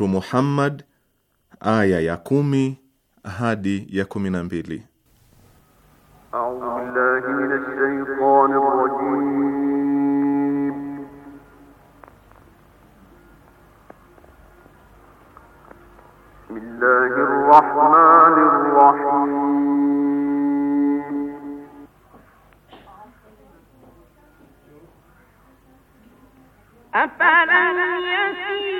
Suratu Muhammad aya ya kumi hadi ya kumi na mbili. أفلم يسير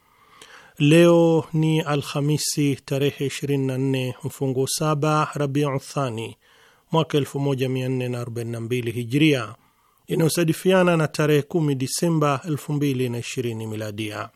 Leo ni Alhamisi tarehe 24 mfungo 7 Rabiu Thani mwaka 1442 Hijria, inayosadifiana na tarehe 10 Disemba 2020 Miladia.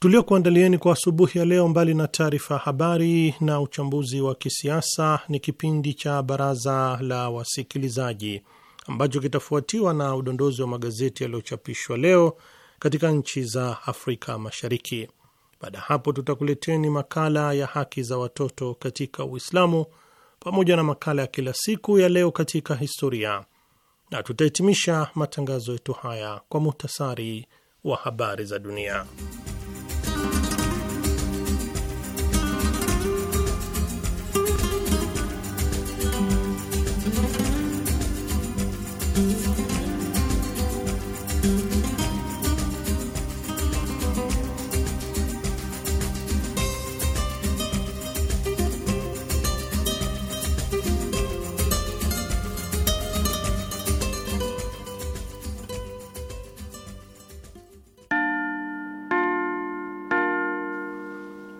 Tuliokuandalieni kwa asubuhi ya leo, mbali na taarifa ya habari na uchambuzi wa kisiasa, ni kipindi cha Baraza la Wasikilizaji ambacho kitafuatiwa na udondozi wa magazeti yaliyochapishwa leo katika nchi za Afrika Mashariki. Baada ya hapo, tutakuleteni makala ya haki za watoto katika Uislamu pamoja na makala ya kila siku ya leo katika historia, na tutahitimisha matangazo yetu haya kwa muhtasari wa habari za dunia.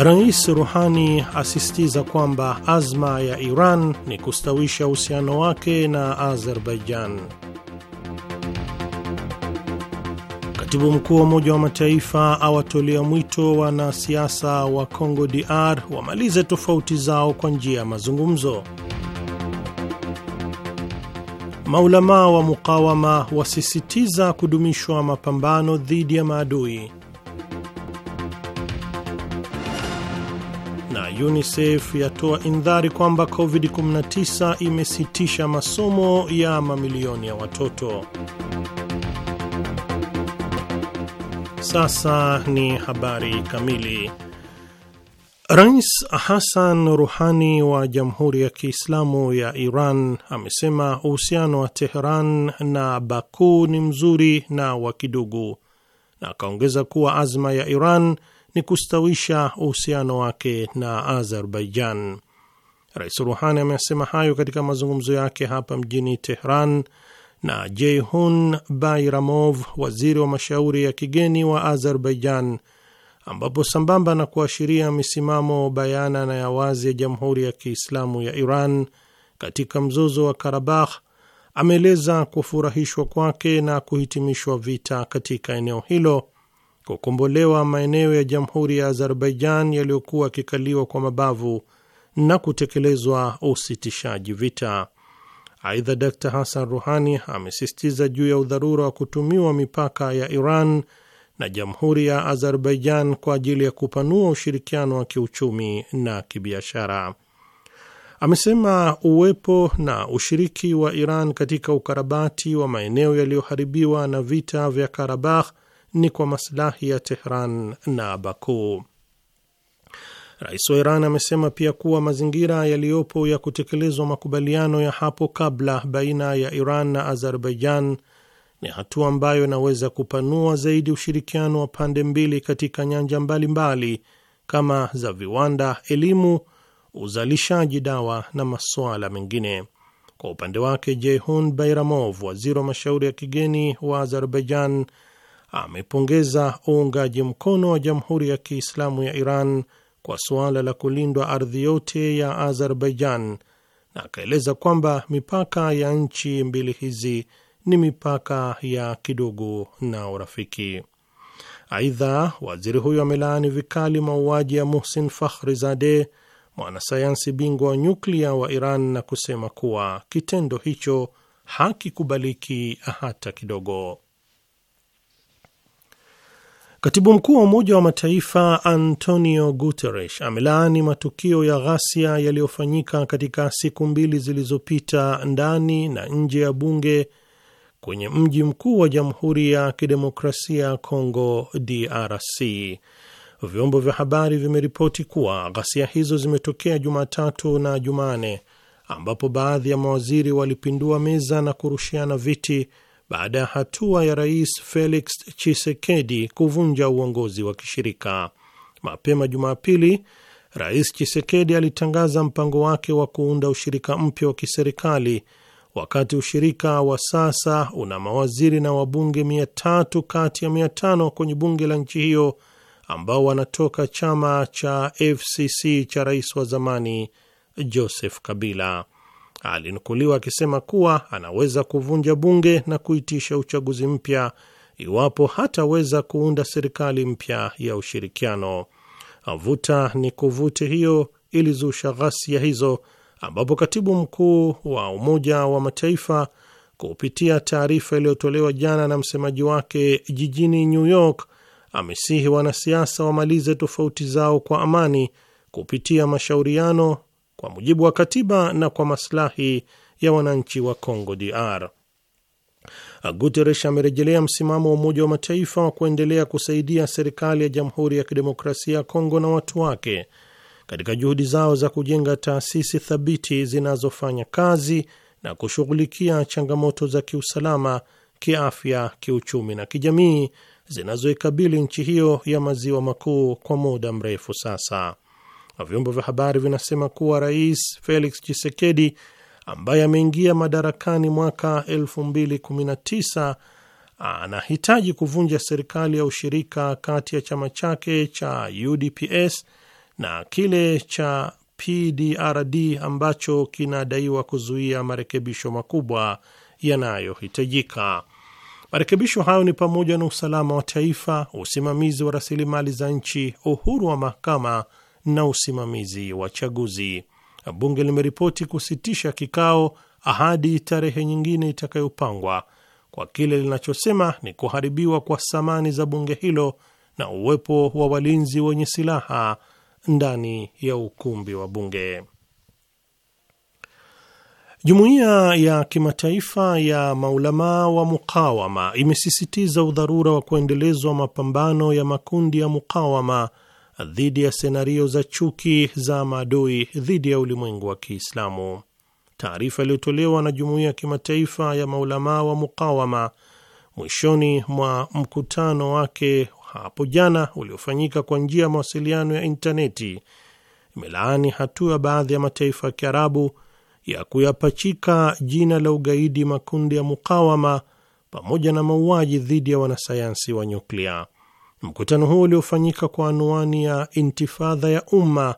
Rais Ruhani asisitiza kwamba azma ya Iran ni kustawisha uhusiano wake na Azerbaijan. Katibu mkuu wa Umoja wa Mataifa awatolea mwito wanasiasa wa congo DR wamalize tofauti zao kwa njia ya mazungumzo. Maulamaa wa mukawama wasisitiza kudumishwa mapambano dhidi ya maadui. UNICEF yatoa indhari kwamba COVID-19 imesitisha masomo ya mamilioni ya watoto. Sasa ni habari kamili. Rais Hassan Ruhani wa Jamhuri ya Kiislamu ya Iran amesema uhusiano wa Teheran na Baku ni mzuri na wa kidugu, na akaongeza kuwa azma ya Iran ni kustawisha uhusiano wake na Azerbaijan. Rais Ruhani amesema hayo katika mazungumzo yake hapa mjini Tehran na jeihun Bayramov, waziri wa mashauri ya kigeni wa Azerbaijan, ambapo sambamba na kuashiria misimamo bayana na ya wazi ya Jamhuri ya Kiislamu ya Iran katika mzozo wa Karabakh, ameeleza kufurahishwa kwake na kuhitimishwa vita katika eneo hilo kukombolewa maeneo ya jamhuri ya Azerbaijan yaliyokuwa yakikaliwa kwa mabavu na kutekelezwa usitishaji vita. Aidha, Dr Hassan Ruhani amesisitiza juu ya udharura wa kutumiwa mipaka ya Iran na jamhuri ya Azerbaijan kwa ajili ya kupanua ushirikiano wa kiuchumi na kibiashara. Amesema uwepo na ushiriki wa Iran katika ukarabati wa maeneo yaliyoharibiwa na vita vya Karabakh ni kwa maslahi ya Tehran na Baku. Rais wa Iran amesema pia kuwa mazingira yaliyopo ya kutekelezwa makubaliano ya hapo kabla baina ya Iran na Azerbaijan ni hatua ambayo inaweza kupanua zaidi ushirikiano wa pande mbili katika nyanja mbalimbali mbali, kama za viwanda, elimu, uzalishaji dawa na masuala mengine. Kwa upande wake, Jehun Bairamov, waziri wa mashauri ya kigeni wa Azerbaijan, amepongeza uungaji mkono wa Jamhuri ya Kiislamu ya Iran kwa suala la kulindwa ardhi yote ya Azerbaijan na akaeleza kwamba mipaka ya nchi mbili hizi ni mipaka ya kidugu na urafiki. Aidha, waziri huyo amelaani vikali mauaji ya Muhsin zade mwanasayansi bingwa wa nyuklia wa Iran, na kusema kuwa kitendo hicho hakikubaliki hata kidogo. Katibu mkuu wa Umoja wa Mataifa Antonio Guterres amelaani matukio ya ghasia yaliyofanyika katika siku mbili zilizopita ndani na nje ya bunge kwenye mji mkuu wa Jamhuri ya Kidemokrasia ya Kongo, DRC. Vyombo vya habari vimeripoti kuwa ghasia hizo zimetokea Jumatatu na Jumane, ambapo baadhi ya mawaziri walipindua meza na kurushiana viti baada ya hatua ya Rais Felix chisekedi kuvunja uongozi wa kishirika. Mapema Jumapili, Rais chisekedi alitangaza mpango wake wa kuunda ushirika mpya wa kiserikali, wakati ushirika wa sasa una mawaziri na wabunge mia tatu kati ya mia tano kwenye bunge la nchi hiyo ambao wanatoka chama cha FCC cha rais wa zamani Joseph Kabila alinukuliwa akisema kuwa anaweza kuvunja bunge na kuitisha uchaguzi mpya iwapo hataweza kuunda serikali mpya ya ushirikiano. Vuta ni kuvute hiyo ilizusha ghasia hizo, ambapo katibu mkuu wa Umoja wa Mataifa kupitia taarifa iliyotolewa jana na msemaji wake jijini New York amesihi wanasiasa wamalize tofauti zao kwa amani kupitia mashauriano kwa mujibu wa katiba na kwa maslahi ya wananchi wa Congo DR. Guterres amerejelea msimamo wa Umoja wa Mataifa wa kuendelea kusaidia serikali ya Jamhuri ya Kidemokrasia ya Kongo na watu wake katika juhudi zao za kujenga taasisi thabiti zinazofanya kazi na kushughulikia changamoto za kiusalama, kiafya, kiuchumi na kijamii zinazoikabili nchi hiyo ya maziwa makuu kwa muda mrefu sasa na vyombo vya habari vinasema kuwa Rais Felix Tshisekedi ambaye ameingia madarakani mwaka 2019 anahitaji kuvunja serikali ya ushirika kati ya chama chake cha UDPS na kile cha PDRD ambacho kinadaiwa kuzuia marekebisho makubwa yanayohitajika. Marekebisho hayo ni pamoja na usalama wa taifa, usimamizi wa rasilimali za nchi, uhuru wa mahakama na usimamizi wa chaguzi. Bunge limeripoti kusitisha kikao ahadi tarehe nyingine itakayopangwa kwa kile linachosema ni kuharibiwa kwa samani za bunge hilo na uwepo wa walinzi wenye silaha ndani ya ukumbi wa bunge. Jumuiya ya kimataifa ya maulamaa wa mukawama imesisitiza udharura wa kuendelezwa mapambano ya makundi ya mukawama dhidi ya senario za chuki za maadui dhidi ya ulimwengu wa Kiislamu. Taarifa iliyotolewa na jumuiya ya kimataifa ya maulamaa wa mukawama mwishoni mwa mkutano wake hapo jana uliofanyika kwa njia ya mawasiliano ya intaneti imelaani hatua baadhi ya mataifa ya Kiarabu ya kuyapachika jina la ugaidi makundi ya mukawama pamoja na mauaji dhidi ya wanasayansi wa nyuklia. Mkutano huo uliofanyika kwa anwani ya intifadha ya umma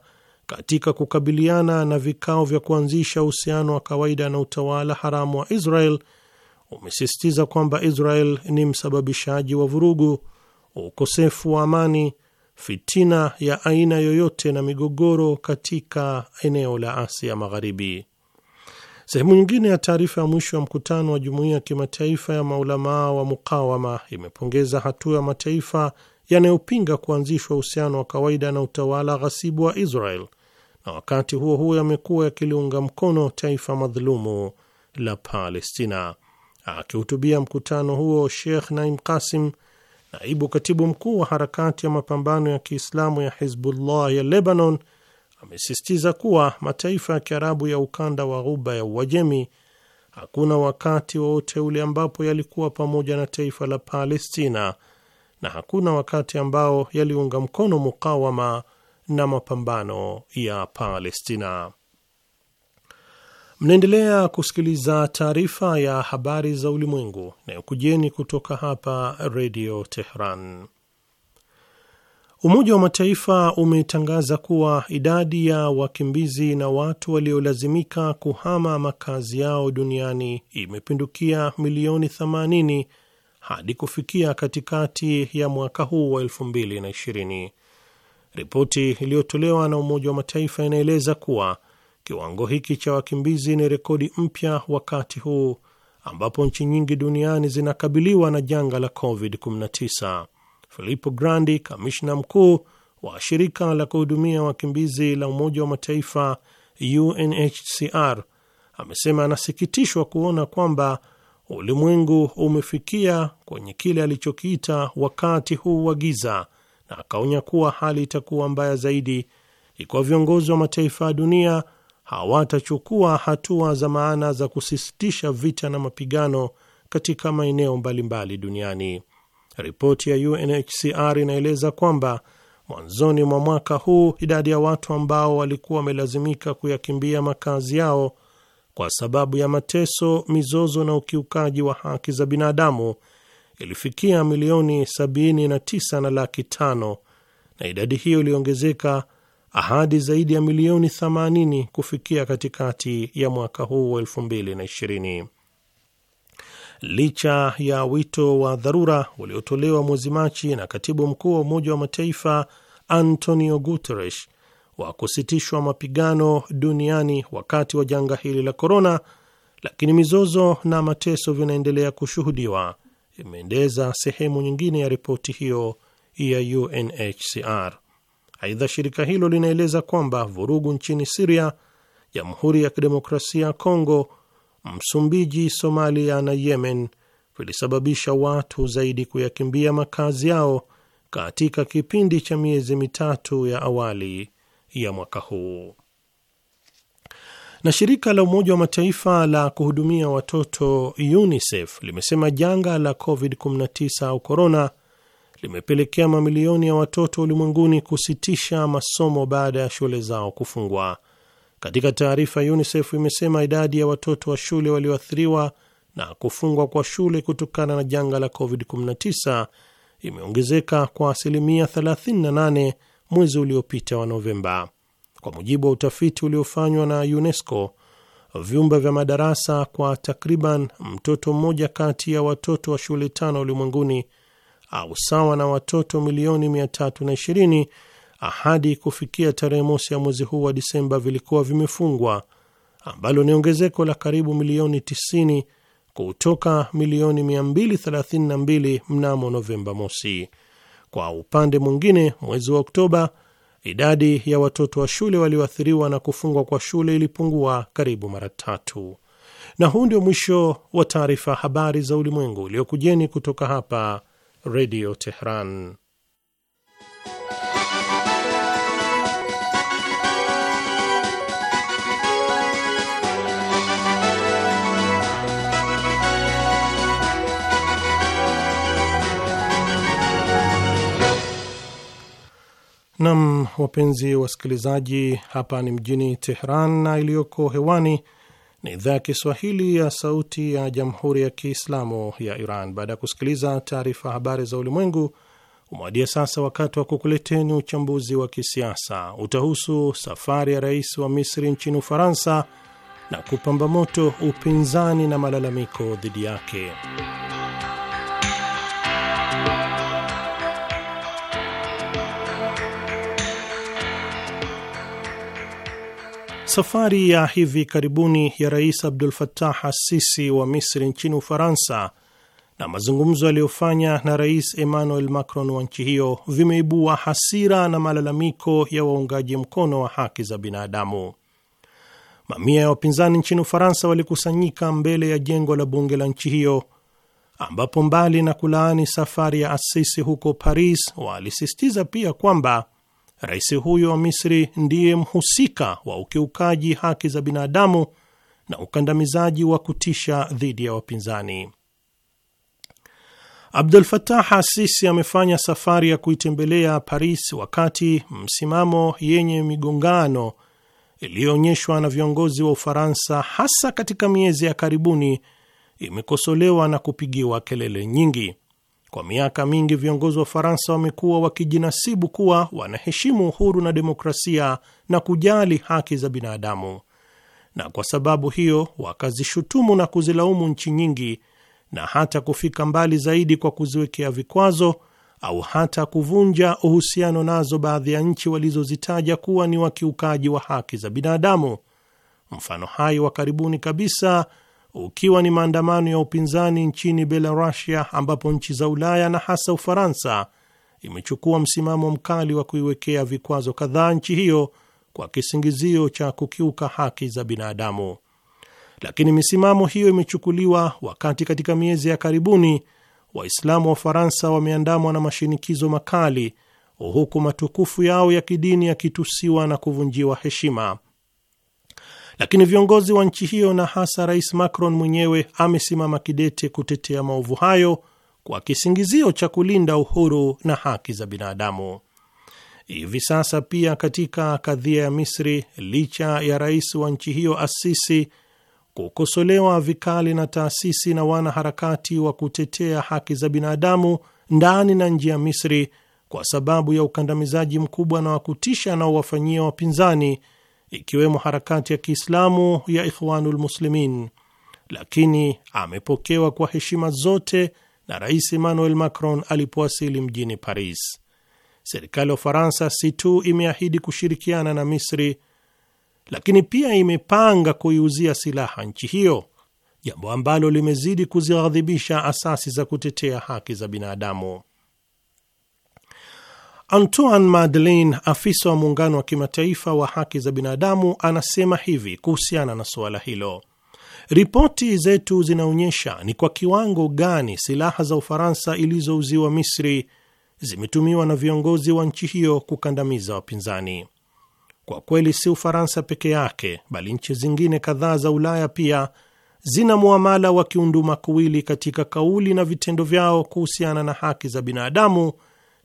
katika kukabiliana na vikao vya kuanzisha uhusiano wa kawaida na utawala haramu wa Israel umesisitiza kwamba Israel ni msababishaji wa vurugu, ukosefu wa amani, fitina ya aina yoyote na migogoro katika eneo la Asia Magharibi. Sehemu nyingine ya taarifa ya mwisho ya mkutano wa jumuiya ya kimataifa ya maulamaa wa mukawama imepongeza hatua ya mataifa yanayopinga kuanzishwa uhusiano wa kawaida na utawala ghasibu wa Israel na wakati huo huo yamekuwa yakiliunga mkono taifa madhulumu la Palestina. Akihutubia mkutano huo, Sheikh Naim kasim naibu katibu mkuu wa harakati ya mapambano ya Kiislamu ya Hizbullah ya Lebanon, amesisitiza kuwa mataifa ya Kiarabu ya ukanda wa Ghuba ya Uajemi hakuna wakati wowote ule ambapo yalikuwa pamoja na taifa la Palestina na hakuna wakati ambao yaliunga mkono mukawama na mapambano ya Palestina. Mnaendelea kusikiliza taarifa ya habari za ulimwengu inayokujeni kutoka hapa Redio Tehran. Umoja wa Mataifa umetangaza kuwa idadi ya wakimbizi na watu waliolazimika kuhama makazi yao duniani imepindukia milioni 80 hadi kufikia katikati ya mwaka huu wa 2020. Ripoti iliyotolewa na Umoja wa Mataifa inaeleza kuwa kiwango hiki cha wakimbizi ni rekodi mpya wakati huu ambapo nchi nyingi duniani zinakabiliwa na janga la COVID-19. Filippo Grandi, kamishna mkuu wa shirika la kuhudumia wakimbizi la Umoja wa Mataifa UNHCR, amesema anasikitishwa kuona kwamba ulimwengu umefikia kwenye kile alichokiita wakati huu wa giza, na akaonya kuwa hali itakuwa mbaya zaidi ikiwa viongozi wa mataifa ya dunia hawatachukua hatua za maana za kusisitisha vita na mapigano katika maeneo mbalimbali duniani. Ripoti ya UNHCR inaeleza kwamba mwanzoni mwa mwaka huu idadi ya watu ambao walikuwa wamelazimika kuyakimbia makazi yao kwa sababu ya mateso, mizozo na ukiukaji wa haki za binadamu ilifikia milioni 79 na laki tano na idadi hiyo iliongezeka ahadi zaidi ya milioni 80 kufikia katikati ya mwaka huu wa 2020. Licha ya wito wa dharura uliotolewa mwezi Machi na katibu mkuu wa Umoja wa Mataifa Antonio Guterres wa kusitishwa mapigano duniani wakati wa janga hili la korona, lakini mizozo na mateso vinaendelea kushuhudiwa, imeendeza sehemu nyingine ya ripoti hiyo ya UNHCR. Aidha, shirika hilo linaeleza kwamba vurugu nchini Siria, Jamhuri ya Kidemokrasia ya Kongo, Msumbiji, Somalia na Yemen vilisababisha watu zaidi kuyakimbia makazi yao katika kipindi cha miezi mitatu ya awali ya mwaka huu. Na shirika la Umoja wa Mataifa la kuhudumia watoto UNICEF limesema janga la COVID-19 au korona limepelekea mamilioni ya watoto ulimwenguni kusitisha masomo baada ya shule zao kufungwa. Katika taarifa, UNICEF imesema idadi ya watoto wa shule walioathiriwa na kufungwa kwa shule kutokana na janga la COVID-19 imeongezeka kwa asilimia 38 mwezi uliopita wa Novemba. Kwa mujibu wa utafiti uliofanywa na UNESCO, vyumba vya madarasa kwa takriban mtoto mmoja kati ya watoto wa shule tano ulimwenguni au sawa na watoto milioni 320 ahadi kufikia tarehe mosi ya mwezi huu wa Disemba vilikuwa vimefungwa, ambalo ni ongezeko la karibu milioni 90 kutoka milioni 232 mnamo Novemba mosi. Kwa upande mwingine, mwezi wa Oktoba idadi ya watoto wa shule walioathiriwa na kufungwa kwa shule ilipungua karibu mara tatu. Na huu ndio mwisho wa taarifa habari za ulimwengu uliokujeni kutoka hapa Redio Tehran. Nam, wapenzi wasikilizaji, hapa ni mjini Tehran na iliyoko hewani ni idhaa ya Kiswahili ya Sauti ya Jamhuri ya Kiislamu ya Iran. Baada ya kusikiliza taarifa habari za ulimwengu, umewadia sasa wakati wa kukuleteni uchambuzi wa kisiasa. Utahusu safari ya rais wa Misri nchini Ufaransa na kupamba moto upinzani na malalamiko dhidi yake. Safari ya hivi karibuni ya Rais Abdul Fattah Assisi wa Misri nchini Ufaransa na mazungumzo aliyofanya na Rais Emmanuel Macron wa nchi hiyo vimeibua hasira na malalamiko ya waungaji mkono wa haki za binadamu. Mamia ya wapinzani nchini Ufaransa walikusanyika mbele ya jengo la bunge la nchi hiyo ambapo mbali na kulaani safari ya Assisi huko Paris, walisisitiza pia kwamba Rais huyo wa Misri ndiye mhusika wa ukiukaji haki za binadamu na ukandamizaji wa kutisha dhidi ya wapinzani. Abdul fatah Asisi amefanya safari ya kuitembelea Paris wakati msimamo yenye migongano iliyoonyeshwa na viongozi wa Ufaransa hasa katika miezi ya karibuni imekosolewa na kupigiwa kelele nyingi. Kwa miaka mingi viongozi wa Faransa wamekuwa wakijinasibu kuwa wanaheshimu uhuru na demokrasia na kujali haki za binadamu, na kwa sababu hiyo wakazishutumu na kuzilaumu nchi nyingi, na hata kufika mbali zaidi kwa kuziwekea vikwazo au hata kuvunja uhusiano nazo baadhi ya nchi walizozitaja kuwa ni wakiukaji wa haki za binadamu. Mfano hai wa karibuni kabisa ukiwa ni maandamano ya upinzani nchini Belarusia, ambapo nchi za Ulaya na hasa Ufaransa imechukua msimamo mkali wa kuiwekea vikwazo kadhaa nchi hiyo kwa kisingizio cha kukiuka haki za binadamu. Lakini misimamo hiyo imechukuliwa wakati katika miezi ya karibuni Waislamu wa Ufaransa wameandamwa na mashinikizo makali, huku matukufu yao ya kidini yakitusiwa na kuvunjiwa heshima lakini viongozi wa nchi hiyo na hasa Rais Macron mwenyewe amesimama kidete kutetea maovu hayo kwa kisingizio cha kulinda uhuru na haki za binadamu. Hivi sasa pia katika kadhia ya Misri, licha ya rais wa nchi hiyo Asisi kukosolewa vikali na taasisi na wanaharakati wa kutetea haki za binadamu ndani na nje ya Misri kwa sababu ya ukandamizaji mkubwa na wa kutisha anaowafanyia wapinzani ikiwemo harakati ya Kiislamu ya Ikhwanul Muslimin, lakini amepokewa kwa heshima zote na Rais Emmanuel Macron alipowasili mjini Paris. Serikali ya Ufaransa si tu imeahidi kushirikiana na Misri, lakini pia imepanga kuiuzia silaha nchi hiyo, jambo ambalo limezidi kuzighadhibisha asasi za kutetea haki za binadamu. Antoine Madeleine, afisa wa muungano wa kimataifa wa haki za binadamu, anasema hivi kuhusiana na suala hilo: ripoti zetu zinaonyesha ni kwa kiwango gani silaha za Ufaransa ilizouziwa Misri zimetumiwa na viongozi wa nchi hiyo kukandamiza wapinzani. Kwa kweli, si Ufaransa peke yake, bali nchi zingine kadhaa za Ulaya pia zina muamala wa kiundumakuwili katika kauli na vitendo vyao kuhusiana na haki za binadamu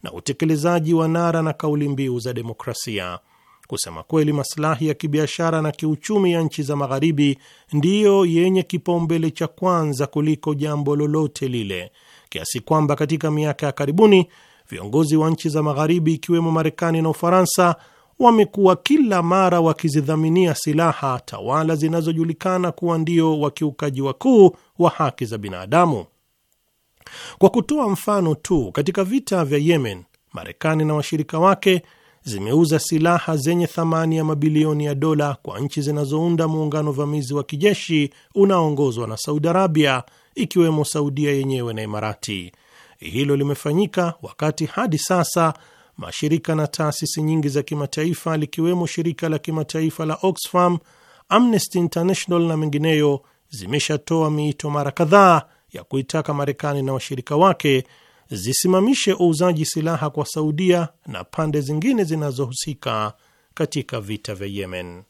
na utekelezaji wa nara na kauli mbiu za demokrasia. Kusema kweli, masilahi ya kibiashara na kiuchumi ya nchi za Magharibi ndiyo yenye kipaumbele cha kwanza kuliko jambo lolote lile, kiasi kwamba katika miaka ya karibuni viongozi wa nchi za Magharibi ikiwemo Marekani na Ufaransa wamekuwa kila mara wakizidhaminia silaha tawala zinazojulikana kuwa ndio wakiukaji wakuu wa haki za binadamu. Kwa kutoa mfano tu, katika vita vya Yemen, Marekani na washirika wake zimeuza silaha zenye thamani ya mabilioni ya dola kwa nchi zinazounda muungano vamizi wa kijeshi unaoongozwa na Saudi Arabia, ikiwemo Saudia yenyewe na Imarati. Hilo limefanyika wakati hadi sasa mashirika na taasisi nyingi za kimataifa likiwemo shirika la kimataifa la Oxfam, Amnesty International na mengineyo zimeshatoa miito mara kadhaa ya kuitaka Marekani na washirika wake zisimamishe uuzaji silaha kwa Saudia na pande zingine zinazohusika katika vita vya Yemen.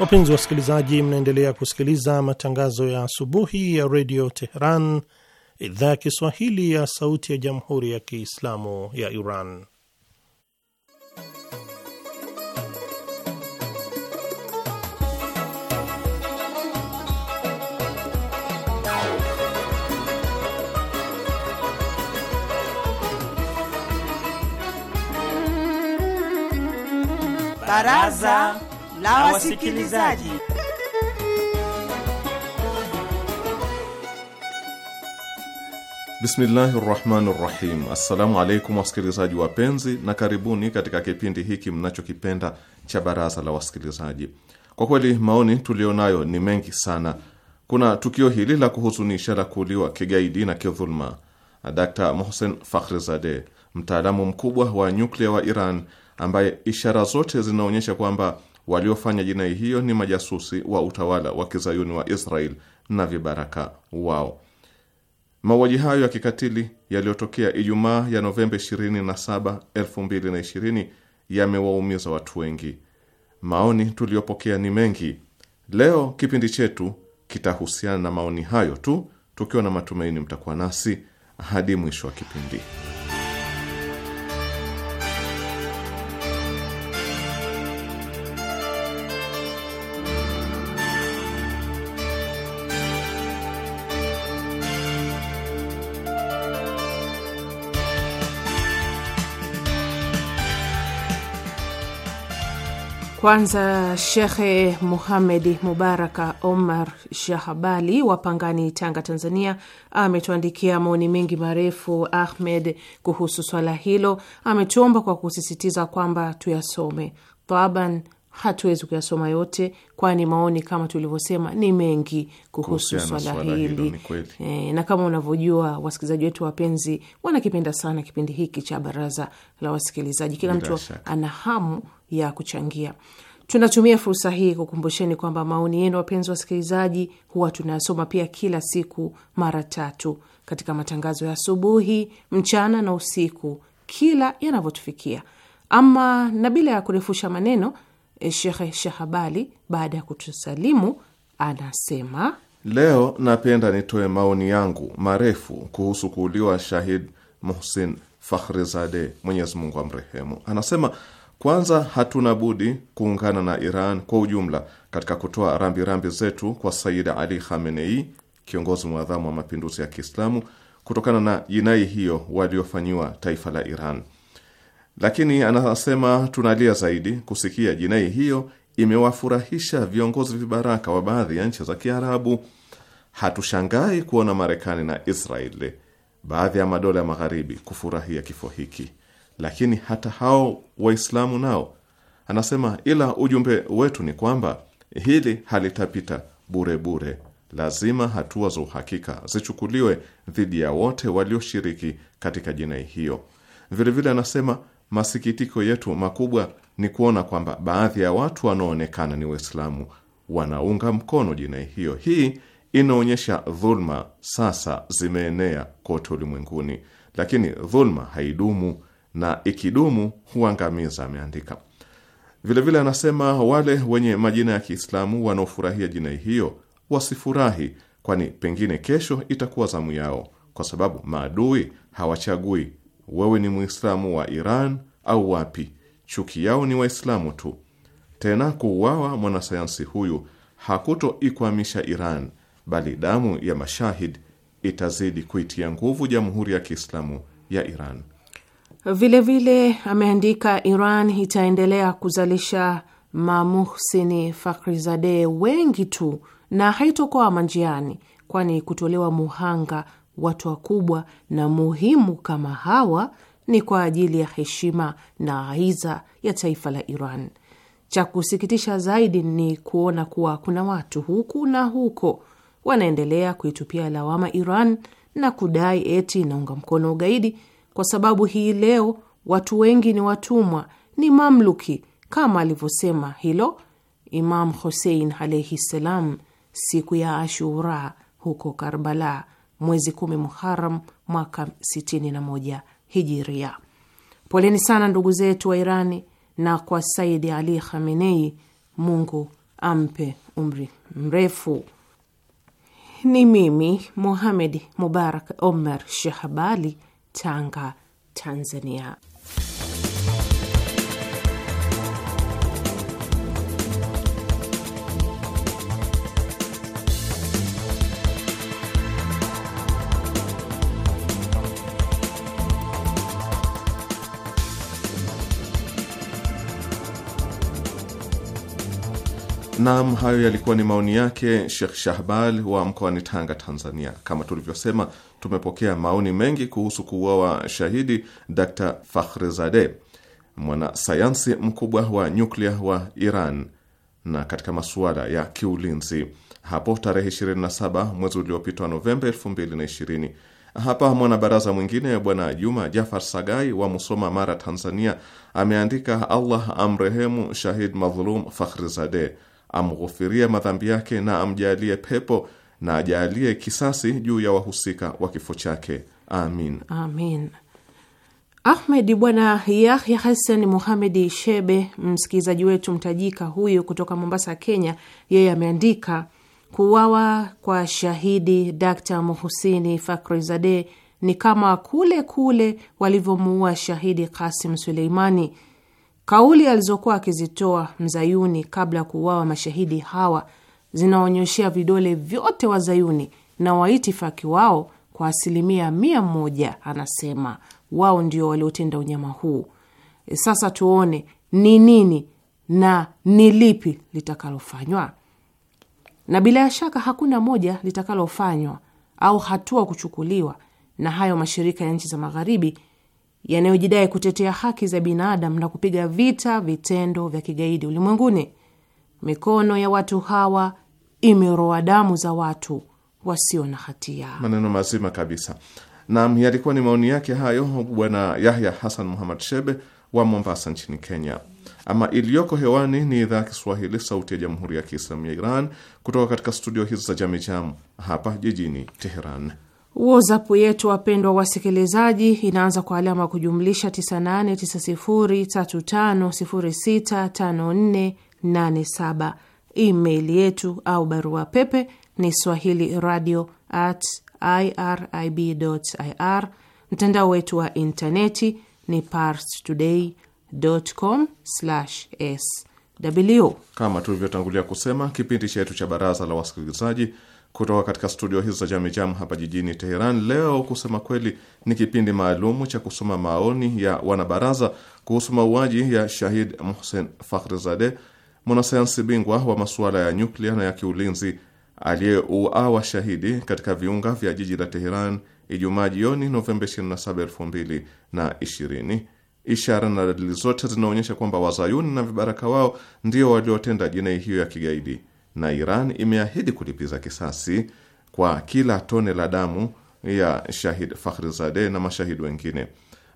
Wapenzi wasikilizaji, mnaendelea kusikiliza matangazo ya asubuhi ya redio Teheran, idhaa ya Kiswahili ya sauti ya jamhuri ya Kiislamu ya Iran. Baraza la Wasikilizaji. Bismillahi rahmani rahim. Assalamu alaikum wasikilizaji wapenzi, na karibuni katika kipindi hiki mnachokipenda cha baraza la wasikilizaji. Kwa kweli maoni tuliyonayo ni mengi sana. Kuna tukio hili la kuhuzunisha la kuuliwa kigaidi na kidhuluma Dr Mohsen Fakhrizadeh, mtaalamu mkubwa wa nyuklia wa Iran ambaye ishara zote zinaonyesha kwamba waliofanya jinai hiyo ni majasusi wa utawala wa kizayuni wa Israel na vibaraka wao. Mauaji hayo ya kikatili yaliyotokea Ijumaa ya Novemba 27, 2020 yamewaumiza watu wengi. Maoni tuliyopokea ni mengi. Leo kipindi chetu kitahusiana na maoni hayo tu, tukiwa na matumaini mtakuwa nasi hadi mwisho wa kipindi. Kwanza Shekhe Muhamedi Mubaraka Omar Shahabali wa Pangani, Tanga, Tanzania, ametuandikia maoni mengi marefu Ahmed kuhusu swala hilo. Ametuomba kwa kusisitiza kwamba tuyasome taban hatuwezi kuyasoma yote, kwani maoni kama tulivyosema ni mengi kuhusu swala hili e, na kama unavyojua wasikilizaji wetu wapenzi wanakipenda sana kipindi hiki cha baraza la wasikilizaji. Kila mtu ana hamu ya kuchangia. Tunatumia fursa hii kukumbusheni kwamba maoni yenu, wapenzi wasikilizaji, huwa tunayasoma pia kila siku mara tatu katika matangazo ya asubuhi, mchana na usiku, kila yanavyotufikia. Ama na bila ya kurefusha maneno, eh, Shekhe Shahabali baada ya kutusalimu anasema leo napenda nitoe maoni yangu marefu kuhusu kuuliwa Shahid Muhsin fahrizade Mwenyezi Mungu amrehemu. Anasema kwanza, hatuna budi kuungana na Iran kwa ujumla katika kutoa rambirambi zetu kwa Sayyid Ali Khamenei, kiongozi mwadhamu wa mapinduzi ya Kiislamu, kutokana na jinai hiyo waliofanyiwa taifa la Iran. Lakini anasema tunalia zaidi kusikia jinai hiyo imewafurahisha viongozi vibaraka wa baadhi ya nchi za Kiarabu. Hatushangai kuona Marekani na Israeli, baadhi ya madola ya magharibi, kufurahia kifo hiki lakini hata hao Waislamu nao. Anasema ila ujumbe wetu ni kwamba hili halitapita bure bure, lazima hatua za uhakika zichukuliwe dhidi ya wote walioshiriki katika jinai hiyo. Vilevile anasema masikitiko yetu makubwa ni kuona kwamba baadhi ya watu wanaoonekana ni Waislamu wanaunga mkono jinai hiyo. Hii inaonyesha dhulma sasa zimeenea kote ulimwenguni, lakini dhulma haidumu na ikidumu huangamiza, ameandika. Vilevile anasema wale wenye majina ya Kiislamu wanaofurahia jina hiyo wasifurahi, kwani pengine kesho itakuwa zamu yao, kwa sababu maadui hawachagui wewe ni Muislamu wa Iran au wapi. Chuki yao ni Waislamu tu. Tena kuuawa mwanasayansi huyu hakutoikwamisha Iran, bali damu ya mashahid itazidi kuitia nguvu Jamhuri ya Kiislamu ya Iran. Vilevile vile, ameandika Iran itaendelea kuzalisha Mamuhsini Fakhrizadeh wengi tu na haitokwama njiani, kwani kutolewa muhanga watu wakubwa na muhimu kama hawa ni kwa ajili ya heshima na aiza ya taifa la Iran. Cha kusikitisha zaidi ni kuona kuwa kuna watu huku na huko wanaendelea kuitupia lawama Iran na kudai eti inaunga mkono ugaidi kwa sababu hii leo watu wengi ni watumwa, ni mamluki, kama alivyosema hilo Imam Husein alaihi ssalam siku ya Ashura huko Karbala mwezi kumi Muharam mwaka 61 Hijiria. Poleni sana ndugu zetu wa Irani na kwa Saidi Ali Khamenei, Mungu ampe umri mrefu. Ni mimi muhamed Mubarak Omer Shehabali. Tanga, Tanzania. Nam, hayo yalikuwa ni maoni yake Shekh Shahbal wa mkoani Tanga, Tanzania. Kama tulivyosema tumepokea maoni mengi kuhusu kuuawa shahidi Dr. Fakhrizadeh, mwanasayansi mkubwa wa nyuklia wa Iran na katika masuala ya kiulinzi hapo tarehe 27 mwezi uliopita Novemba 2020. Hapa mwanabaraza mwingine Bwana Juma Jafar Sagai wa Musoma, Mara, Tanzania ameandika, Allah amrehemu shahid madhulum Fakhrizadeh, amghufirie madhambi yake na amjalie pepo na ajaalie kisasi juu ya wahusika wa kifo chake. Amin, amin. Ahmed Bwana Yahya Hassan Muhamedi Shebe, msikilizaji wetu mtajika huyu kutoka Mombasa, Kenya, yeye ameandika kuwawa kwa shahidi Dakta Muhusini Fakhrizadeh ni kama kule kule walivyomuua shahidi Kasim Suleimani. Kauli alizokuwa akizitoa mzayuni kabla ya kuuawa mashahidi hawa zinaonyeshea vidole vyote wazayuni na waitifaki wao kwa asilimia mia moja. Anasema wao ndio waliotenda unyama huu. E, sasa tuone ni nini na ni lipi litakalofanywa, na bila ya shaka hakuna moja litakalofanywa au hatua kuchukuliwa na hayo mashirika ya nchi za magharibi yanayojidai kutetea haki za binadamu na kupiga vita vitendo vya kigaidi ulimwenguni. Mikono ya watu hawa imeroa damu za watu wasio na hatia. Maneno mazima kabisa. Nam, yalikuwa ni maoni yake hayo Bwana Yahya Hasan Muhammad Shebe wa Mombasa nchini Kenya. Ama iliyoko hewani ni idhaa ya Kiswahili, Sauti ya Jamhuri ya Kiislamu ya Iran, kutoka katika studio hizi za Jamijamu hapa jijini Teheran. Wasapu yetu wapendwa wasikilizaji, inaanza kwa alama kujumlisha 989035065487 Email yetu au barua pepe ni swahili radio at irib ir. Mtandao wetu wa intaneti ni pars today com sw. Kama tulivyotangulia kusema, kipindi chetu cha baraza la wasikilizaji kutoka katika studio hizo za Jamijam hapa jijini Teheran. Leo kusema kweli, ni kipindi maalumu cha kusoma maoni ya wanabaraza kuhusu mauaji ya Shahid Mohsen Fakhrizadeh mwanasayansi bingwa wa masuala ya nyuklia na ya kiulinzi aliyeuawa shahidi katika viunga vya jiji la Teheran Ijumaa jioni Novemba 27, 2020. Ishara na dalili zote zinaonyesha kwamba wazayuni na vibaraka wao ndio waliotenda jinai hiyo ya kigaidi, na Iran imeahidi kulipiza kisasi kwa kila tone la damu ya shahid Fakhrizadeh na mashahidi wengine.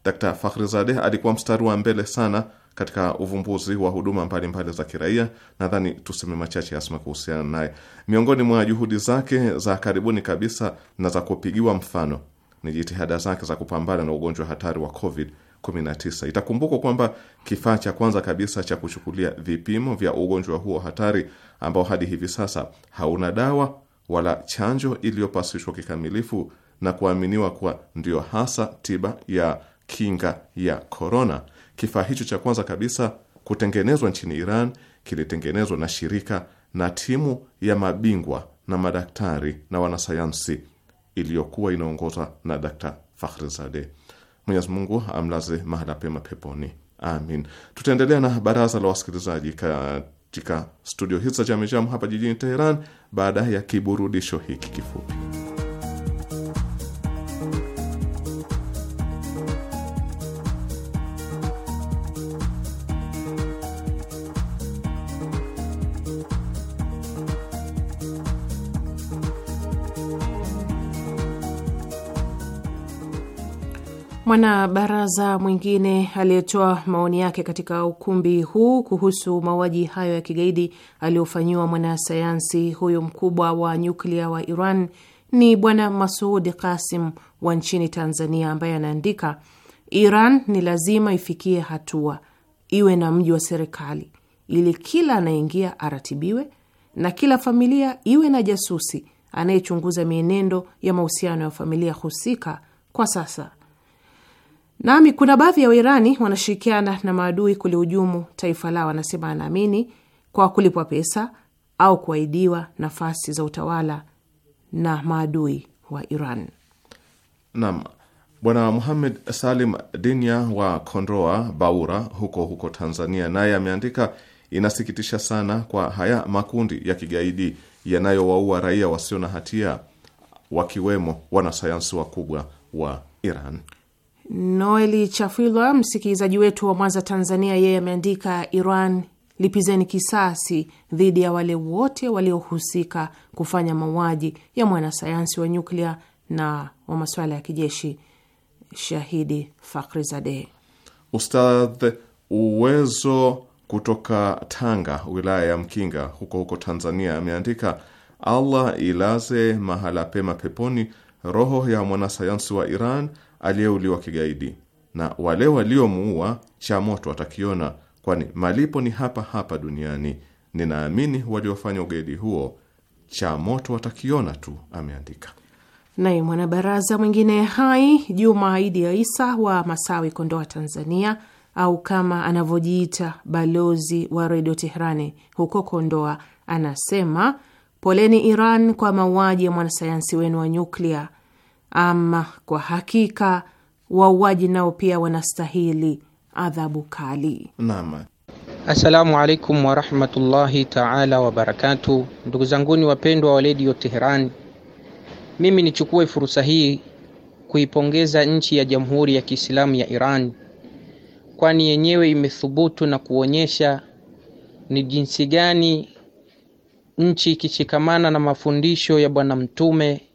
Dr. Fakhrizadeh alikuwa mstari wa mbele sana katika uvumbuzi wa huduma mbalimbali za kiraia. Nadhani tuseme machache Asma kuhusiana naye. Miongoni mwa juhudi zake za karibuni kabisa na za kupigiwa mfano ni jitihada zake za kupambana na ugonjwa hatari wa Covid 19. Itakumbukwa kwamba kifaa cha kwanza kabisa cha kuchukulia vipimo vya ugonjwa huo hatari ambao hadi hivi sasa hauna dawa wala chanjo iliyopasishwa kikamilifu na kuaminiwa kuwa ndiyo hasa tiba ya kinga ya korona Kifaa hicho cha kwanza kabisa kutengenezwa nchini Iran kilitengenezwa na shirika na timu ya mabingwa na madaktari na wanasayansi iliyokuwa inaongozwa na Dr. Fakhrizadeh. Mwenyezi Mungu amlaze mahala pema peponi. Amin. Tutaendelea na baraza la wasikilizaji katika studio hizi za Jamejam hapa jijini Teheran baada ya kiburudisho hiki kifupi. Mwanabaraza mwingine aliyetoa maoni yake katika ukumbi huu kuhusu mauaji hayo ya kigaidi aliyofanyiwa mwanasayansi huyu mkubwa wa nyuklia wa Iran ni Bwana Masudi Kasim wa nchini Tanzania, ambaye anaandika, Iran ni lazima ifikie hatua iwe na mji wa serikali ili kila anayeingia aratibiwe na kila familia iwe na jasusi anayechunguza mienendo ya mahusiano ya familia husika. Kwa sasa Nami kuna baadhi ya Wairani wanashirikiana na maadui kulihujumu taifa lao, anasema anaamini kwa kulipwa pesa au kuahidiwa nafasi za utawala na maadui wa Iran. Naam, Bwana Muhamed Salim Dinya wa Kondoa Baura huko huko Tanzania naye ameandika, inasikitisha sana kwa haya makundi ya kigaidi yanayowaua raia wasio na hatia wakiwemo wanasayansi wakubwa wa Iran. Noeli chafilwa msikilizaji wetu wa Mwanza, Tanzania, yeye ameandika Iran lipizeni kisasi dhidi ya wale wote waliohusika kufanya mauaji ya mwanasayansi wa nyuklia na wa masuala ya kijeshi shahidi Fakhrizadeh. Ustadh Uwezo kutoka Tanga, wilaya ya Mkinga, huko huko Tanzania, ameandika Allah ilaze mahala pema peponi roho ya mwanasayansi wa Iran aliyeuliwa kigaidi, na wale waliomuua cha moto watakiona, kwani malipo ni hapa hapa duniani. Ninaamini waliofanya ugaidi huo cha moto watakiona tu, ameandika. Naye mwanabaraza mwingine hai Juma Idi ya Isa wa Masawi, Kondoa, Tanzania, au kama anavyojiita balozi wa redio Teherani huko Kondoa, anasema poleni Iran kwa mauaji ya mwanasayansi wenu wa nyuklia. Ama kwa hakika wauaji nao pia wanastahili adhabu kali. Naam. Assalamu alaikum warahmatullahi taala wabarakatu ndugu zanguni wapendwa wa redio Teheran, mimi nichukue fursa hii kuipongeza nchi ya Jamhuri ya Kiislamu ya Iran, kwani yenyewe imethubutu na kuonyesha ni jinsi gani nchi ikishikamana na mafundisho ya Bwana Mtume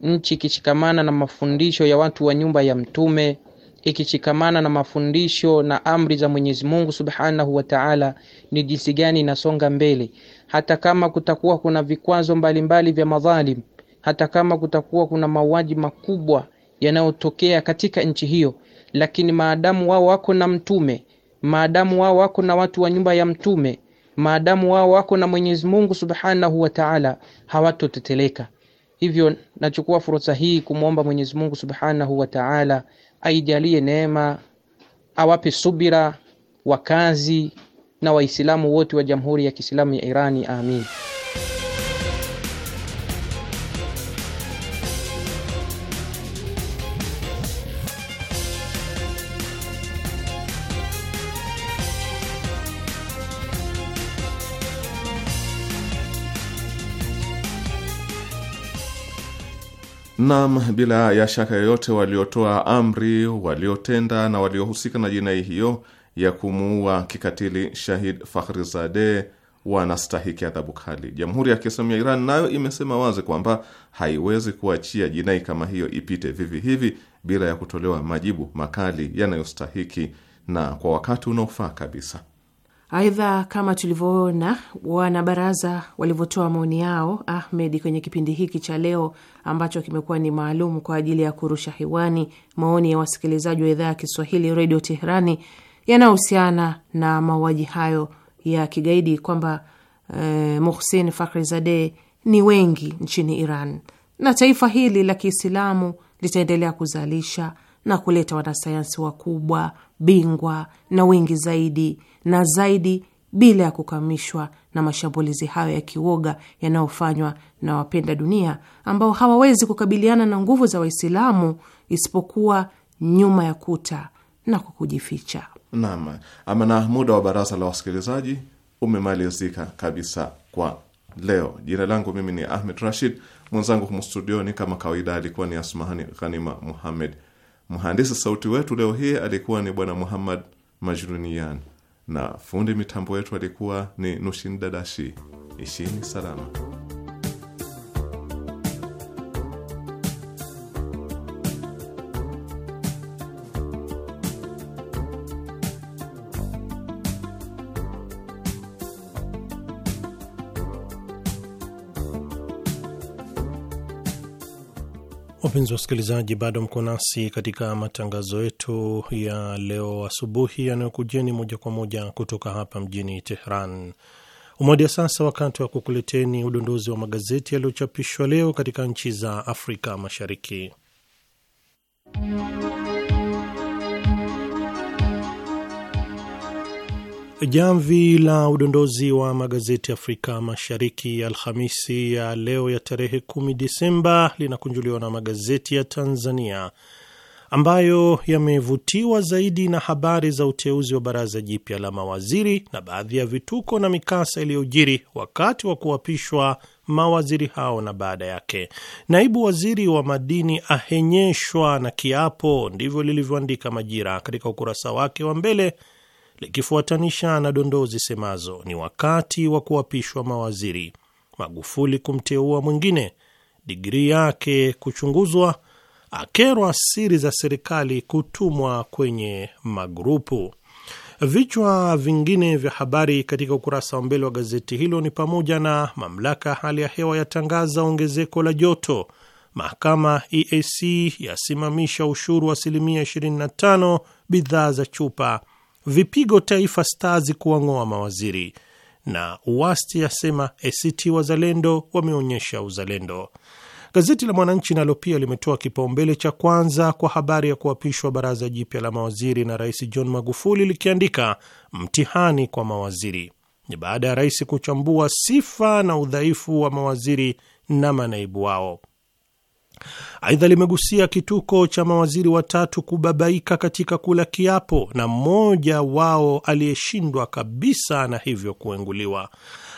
nchi ikishikamana na mafundisho ya watu wa nyumba ya mtume ikishikamana na mafundisho na amri za Mwenyezi Mungu Subhanahu wa Ta'ala, ni jinsi gani inasonga mbele, hata kama kutakuwa kuna vikwazo mbalimbali vya madhalim, hata kama kutakuwa kuna mauaji makubwa yanayotokea katika nchi hiyo, lakini maadamu wao wako na mtume, maadamu wao wako na watu wa nyumba ya mtume, maadamu wao wako na Mwenyezi Mungu Subhanahu wa Ta'ala, hawatoteteleka. Hivyo nachukua fursa hii kumwomba Mwenyezi Mungu Subhanahu wa Ta'ala aijalie neema, awape subira wakazi na Waislamu wote wa Jamhuri ya Kiislamu ya Irani. Amin. Naam, bila ya shaka yoyote, waliotoa amri, waliotenda na waliohusika na jinai hiyo ya kumuua kikatili Shahid zade wanastahiki adhabu kali. Jamhuri ya Kiislamu ya Iran nayo imesema wazi kwamba haiwezi kuachia jinai kama hiyo ipite vivi hivi bila ya kutolewa majibu makali yanayostahiki na kwa wakati unaofaa kabisa. Aidha, kama tulivyoona wanabaraza walivyotoa maoni yao, Ahmed, kwenye kipindi hiki cha leo ambacho kimekuwa ni maalum kwa ajili ya kurusha hewani maoni ya wasikilizaji wa idhaa ya Kiswahili Redio Teherani yanayohusiana na mauaji hayo ya kigaidi kwamba eh, Muhsin zade ni wengi nchini Iran na taifa hili la Kiislamu litaendelea kuzalisha na kuleta wanasayansi wakubwa, bingwa na wengi zaidi na zaidi, bila ya kukamishwa na mashambulizi hayo ya kiwoga yanayofanywa na wapenda dunia ambao hawawezi kukabiliana na nguvu za Waislamu isipokuwa nyuma ya kuta na kwa kujificha. Naam, ama na muda wa baraza la wasikilizaji umemalizika kabisa kwa leo. Jina langu mimi ni Ahmed Rashid, mwenzangu humu studioni kama kawaida alikuwa ni Asmahani Ghanima Muhammed. Mhandisi sauti wetu leo hii alikuwa ni Bwana Muhammad Majrunian na fundi mitambo yetu alikuwa ni Nushin Dadashi. Ishini salama. Wapenzi wasikilizaji, bado mko nasi katika matangazo yetu ya leo asubuhi yanayokujeni moja kwa moja kutoka hapa mjini Tehran. Umoja sasa wakati wa kukuleteni udondozi wa magazeti yaliyochapishwa leo katika nchi za Afrika Mashariki. Jamvi la udondozi wa magazeti Afrika Mashariki Alhamisi ya leo ya tarehe 10 Disemba linakunjuliwa na magazeti ya Tanzania ambayo yamevutiwa zaidi na habari za uteuzi wa baraza jipya la mawaziri na baadhi ya vituko na mikasa iliyojiri wakati wa kuapishwa mawaziri hao na baada yake. Naibu waziri wa madini ahenyeshwa na kiapo, ndivyo lilivyoandika Majira katika ukurasa wake wa mbele likifuatanisha na dondoo zisemazo: ni wakati wa kuapishwa mawaziri, Magufuli kumteua mwingine, digrii yake kuchunguzwa, akerwa siri za serikali kutumwa kwenye magrupu. Vichwa vingine vya habari katika ukurasa wa mbele wa gazeti hilo ni pamoja na mamlaka ya hali ya hewa yatangaza ongezeko la joto, mahakama EAC yasimamisha ushuru wa asilimia 25 bidhaa za chupa vipigo Taifa Stars kuwang'oa mawaziri, na Uwasti asema ACT Wazalendo wameonyesha uzalendo. Gazeti la Mwananchi nalo pia limetoa kipaumbele cha kwanza kwa habari ya kuapishwa baraza jipya la mawaziri na Rais John Magufuli, likiandika mtihani kwa mawaziri. Ni baada ya rais kuchambua sifa na udhaifu wa mawaziri na manaibu wao. Aidha, limegusia kituko cha mawaziri watatu kubabaika katika kula kiapo na mmoja wao aliyeshindwa kabisa na hivyo kuenguliwa.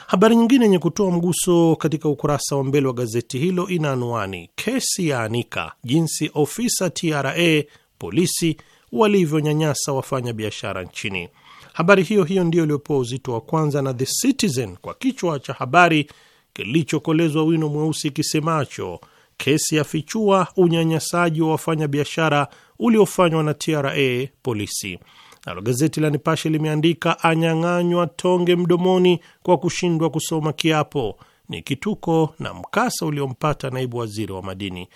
Habari nyingine yenye kutoa mguso katika ukurasa wa mbele wa gazeti hilo ina anwani kesi ya Anika, jinsi ofisa TRA polisi walivyonyanyasa wafanya biashara nchini. Habari hiyo hiyo ndiyo iliyopewa uzito wa kwanza na The Citizen kwa kichwa cha habari kilichokolezwa wino mweusi kisemacho kesi yafichua unyanyasaji wa wafanyabiashara uliofanywa na TRA polisi. Nalo gazeti la Nipashe limeandika anyang'anywa tonge mdomoni kwa kushindwa kusoma kiapo, ni kituko na mkasa uliompata naibu waziri wa madini.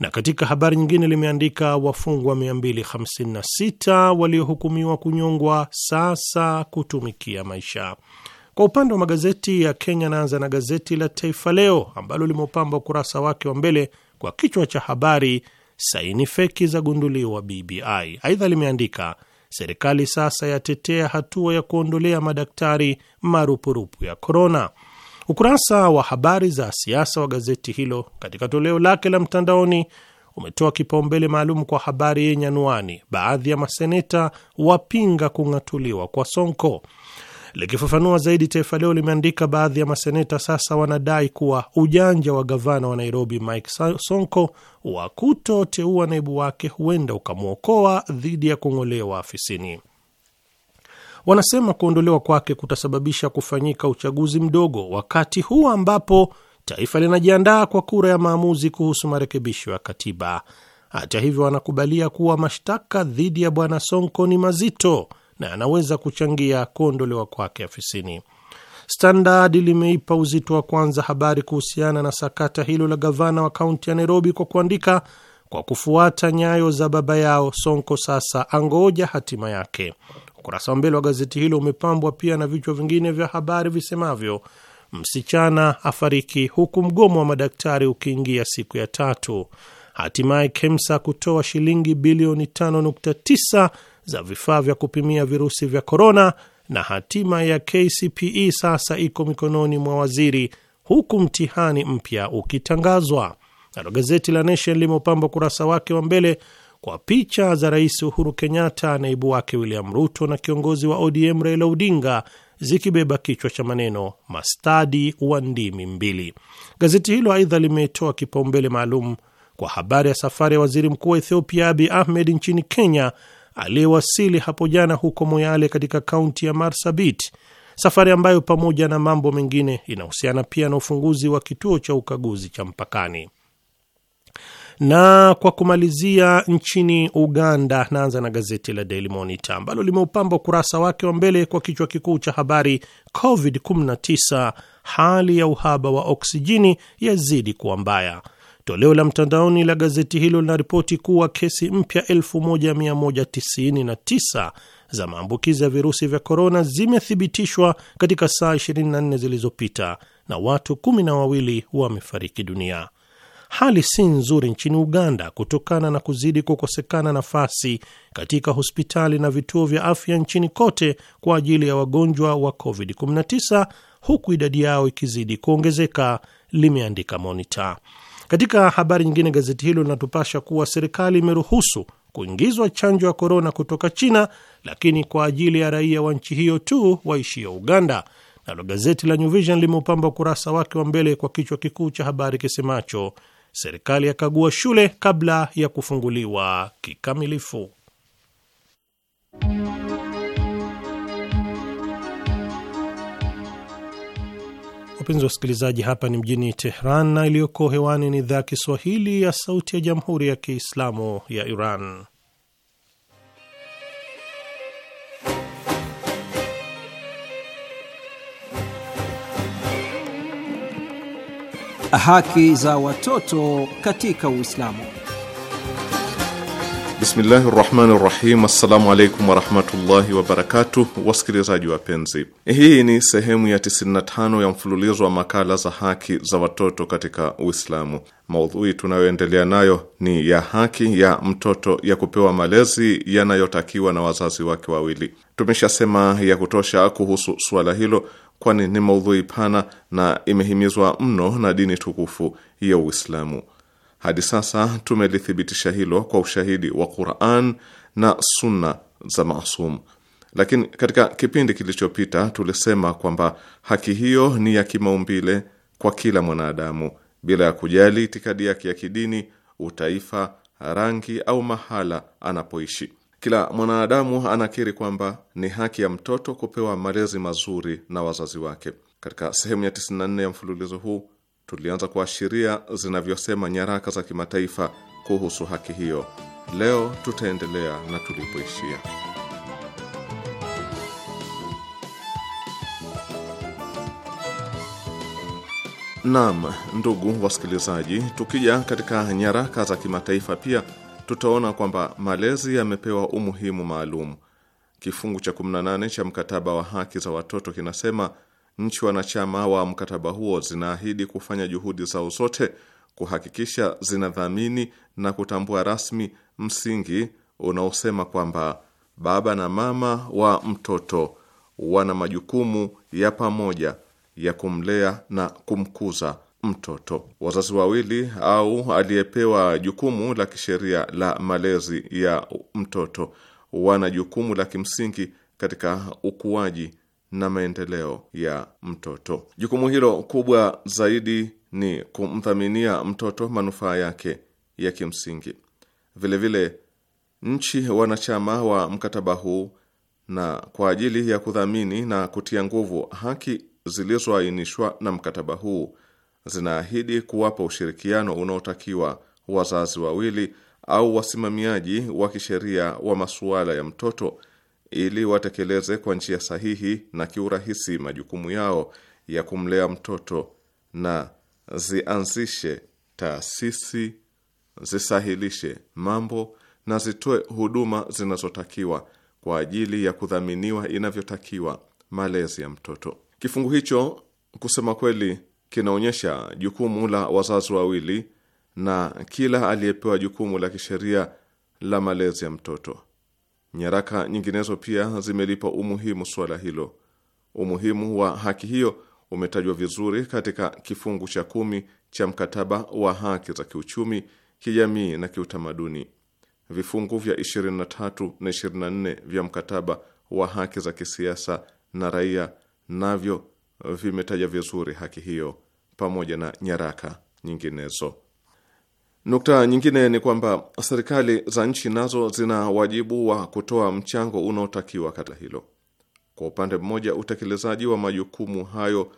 Na katika habari nyingine limeandika wafungwa 256 waliohukumiwa kunyongwa sasa kutumikia maisha. Kwa upande wa magazeti ya Kenya, naanza na gazeti la Taifa Leo ambalo limeupamba ukurasa wake wa mbele kwa kichwa cha habari, saini feki za gunduliwa BBI. Aidha limeandika serikali sasa yatetea hatua ya kuondolea madaktari marupurupu ya korona. Ukurasa wa habari za siasa wa gazeti hilo katika toleo lake la mtandaoni umetoa kipaumbele maalum kwa habari yenye anwani, baadhi ya maseneta wapinga kung'atuliwa kwa Sonko. Likifafanua zaidi, Taifa Leo limeandika baadhi ya maseneta sasa wanadai kuwa ujanja wa gavana wa Nairobi Mike Sonko wa kutoteua naibu wake huenda ukamwokoa dhidi ya kung'olewa afisini. Wanasema kuondolewa kwake kutasababisha kufanyika uchaguzi mdogo wakati huu ambapo taifa linajiandaa kwa kura ya maamuzi kuhusu marekebisho ya katiba. Hata hivyo, wanakubalia kuwa mashtaka dhidi ya bwana Sonko ni mazito na anaweza kuchangia kuondolewa kwake afisini. Standard limeipa uzito wa kwanza habari kuhusiana na sakata hilo la gavana wa kaunti ya Nairobi kwa kuandika, kwa kufuata nyayo za baba yao Sonko sasa angoja hatima yake. Ukurasa wa mbele wa gazeti hilo umepambwa pia na vichwa vingine vya habari visemavyo msichana afariki huku mgomo wa madaktari ukiingia siku ya tatu, hatimaye KEMSA kutoa shilingi bilioni 5.9 za vifaa vya kupimia virusi vya korona, na hatima ya KCPE sasa iko mikononi mwa waziri, huku mtihani mpya ukitangazwa. Nalo gazeti la Nation limeupamba ukurasa wake wa mbele kwa picha za Rais Uhuru Kenyatta, naibu wake William Ruto na kiongozi wa ODM Raila Odinga zikibeba kichwa cha maneno mastadi wa ndimi mbili. Gazeti hilo aidha limetoa kipaumbele maalum kwa habari ya safari ya waziri mkuu wa Ethiopia Abi Ahmed nchini Kenya aliyewasili hapo jana huko Moyale katika kaunti ya Marsabit, safari ambayo pamoja na mambo mengine inahusiana pia na ufunguzi wa kituo cha ukaguzi cha mpakani. Na kwa kumalizia, nchini Uganda, naanza na gazeti la Daily Monitor ambalo limeupamba ukurasa wake wa mbele kwa kichwa kikuu cha habari, COVID-19 hali ya uhaba wa oksijini yazidi kuwa mbaya. Toleo la mtandaoni la gazeti hilo linaripoti kuwa kesi mpya 1199 za maambukizi ya virusi vya korona zimethibitishwa katika saa 24 zilizopita na watu kumi na wawili wamefariki dunia. Hali si nzuri nchini Uganda kutokana na kuzidi kukosekana nafasi katika hospitali na vituo vya afya nchini kote kwa ajili ya wagonjwa wa COVID-19 huku idadi yao ikizidi kuongezeka, limeandika Monitor. Katika habari nyingine, gazeti hilo linatupasha kuwa serikali imeruhusu kuingizwa chanjo ya korona kutoka China, lakini kwa ajili ya raia wa nchi hiyo tu waishio Uganda. Nalo gazeti la New Vision limeupamba ukurasa wake wa mbele kwa kichwa kikuu cha habari kisemacho serikali yakagua shule kabla ya kufunguliwa kikamilifu. wapenzi wasikilizaji, hapa ni mjini Tehran na iliyoko hewani ni idhaa ya Kiswahili ya Sauti ya Jamhuri ya Kiislamu ya Iran. Haki za watoto katika Uislamu. Bismillahi rahmani rahim. Assalamu alaikum warahmatullahi wabarakatuh. Wasikilizaji wapenzi, hii ni sehemu ya 95 ya mfululizo wa makala za haki za watoto katika Uislamu. Maudhui tunayoendelea nayo ni ya haki ya mtoto ya kupewa malezi yanayotakiwa na wazazi wake wawili. Tumeshasema ya kutosha kuhusu suala hilo, kwani ni maudhui pana na imehimizwa mno na dini tukufu ya Uislamu. Hadi sasa tumelithibitisha hilo kwa ushahidi wa Quran na sunna za masum, lakini katika kipindi kilichopita tulisema kwamba haki hiyo ni ya kimaumbile kwa kila mwanadamu bila ya kujali itikadi yake ya kidini, utaifa, rangi au mahala anapoishi. Kila mwanadamu anakiri kwamba ni haki ya mtoto kupewa malezi mazuri na wazazi wake. Katika sehemu ya 94 ya mfululizo huu tulianza kuashiria zinavyosema nyaraka za kimataifa kuhusu haki hiyo. Leo tutaendelea na tulipoishia. Naam, ndugu wasikilizaji, tukija katika nyaraka za kimataifa pia tutaona kwamba malezi yamepewa umuhimu maalum. Kifungu cha 18 cha mkataba wa haki za watoto kinasema Nchi wanachama wa mkataba huo zinaahidi kufanya juhudi zao zote kuhakikisha zinadhamini na kutambua rasmi msingi unaosema kwamba baba na mama wa mtoto wana majukumu ya pamoja ya kumlea na kumkuza mtoto. Wazazi wawili au aliyepewa jukumu la kisheria la malezi ya mtoto wana jukumu la kimsingi katika ukuaji na maendeleo ya mtoto. Jukumu hilo kubwa zaidi ni kumdhaminia mtoto manufaa yake ya kimsingi. Vilevile nchi wanachama wa mkataba huu na kwa ajili ya kudhamini na kutia nguvu haki zilizoainishwa na mkataba huu zinaahidi kuwapa ushirikiano unaotakiwa wazazi wawili au wasimamiaji wa kisheria wa masuala ya mtoto ili watekeleze kwa njia sahihi na kiurahisi majukumu yao ya kumlea mtoto na zianzishe taasisi, zisahilishe mambo na zitoe huduma zinazotakiwa kwa ajili ya kudhaminiwa inavyotakiwa malezi ya mtoto. Kifungu hicho kusema kweli kinaonyesha jukumu la wazazi wawili na kila aliyepewa jukumu la kisheria la malezi ya mtoto. Nyaraka nyinginezo pia zimelipa umuhimu suala hilo. Umuhimu wa haki hiyo umetajwa vizuri katika kifungu cha kumi cha mkataba wa haki za kiuchumi, kijamii na kiutamaduni. Vifungu vya 23 na 24 vya mkataba wa haki za kisiasa na raia navyo vimetaja vizuri haki hiyo pamoja na nyaraka nyinginezo. Nukta nyingine ni kwamba serikali za nchi nazo zina wajibu wa kutoa mchango unaotakiwa katika hilo. Kwa upande mmoja, utekelezaji wa majukumu hayo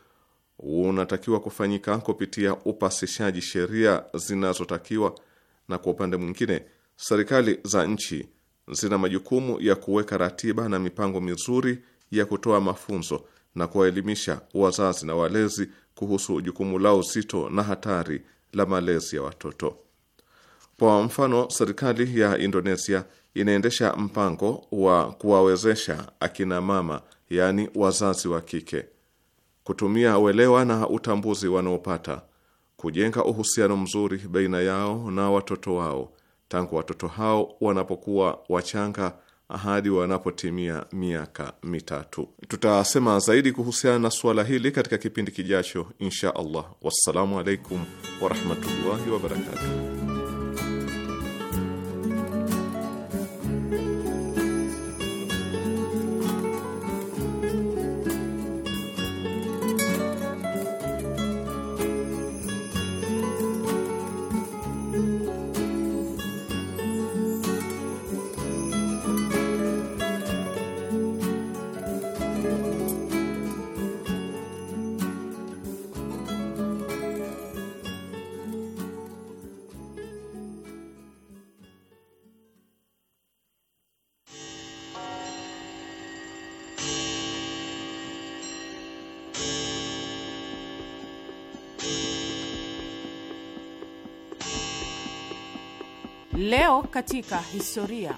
unatakiwa kufanyika kupitia upasishaji sheria zinazotakiwa, na kwa upande mwingine, serikali za nchi zina majukumu ya kuweka ratiba na mipango mizuri ya kutoa mafunzo na kuwaelimisha wazazi na walezi kuhusu jukumu lao zito na hatari la malezi ya watoto. Kwa mfano, serikali ya Indonesia inaendesha mpango wa kuwawezesha akina mama, yaani wazazi wa kike, kutumia uelewa na utambuzi wanaopata kujenga uhusiano mzuri baina yao na watoto wao tangu watoto hao wanapokuwa wachanga hadi wanapotimia miaka mitatu. Tutasema zaidi kuhusiana na suala hili katika kipindi kijacho, insha Allah. Wassalamu alaikum warahmatullahi wabarakatuh. Katika historia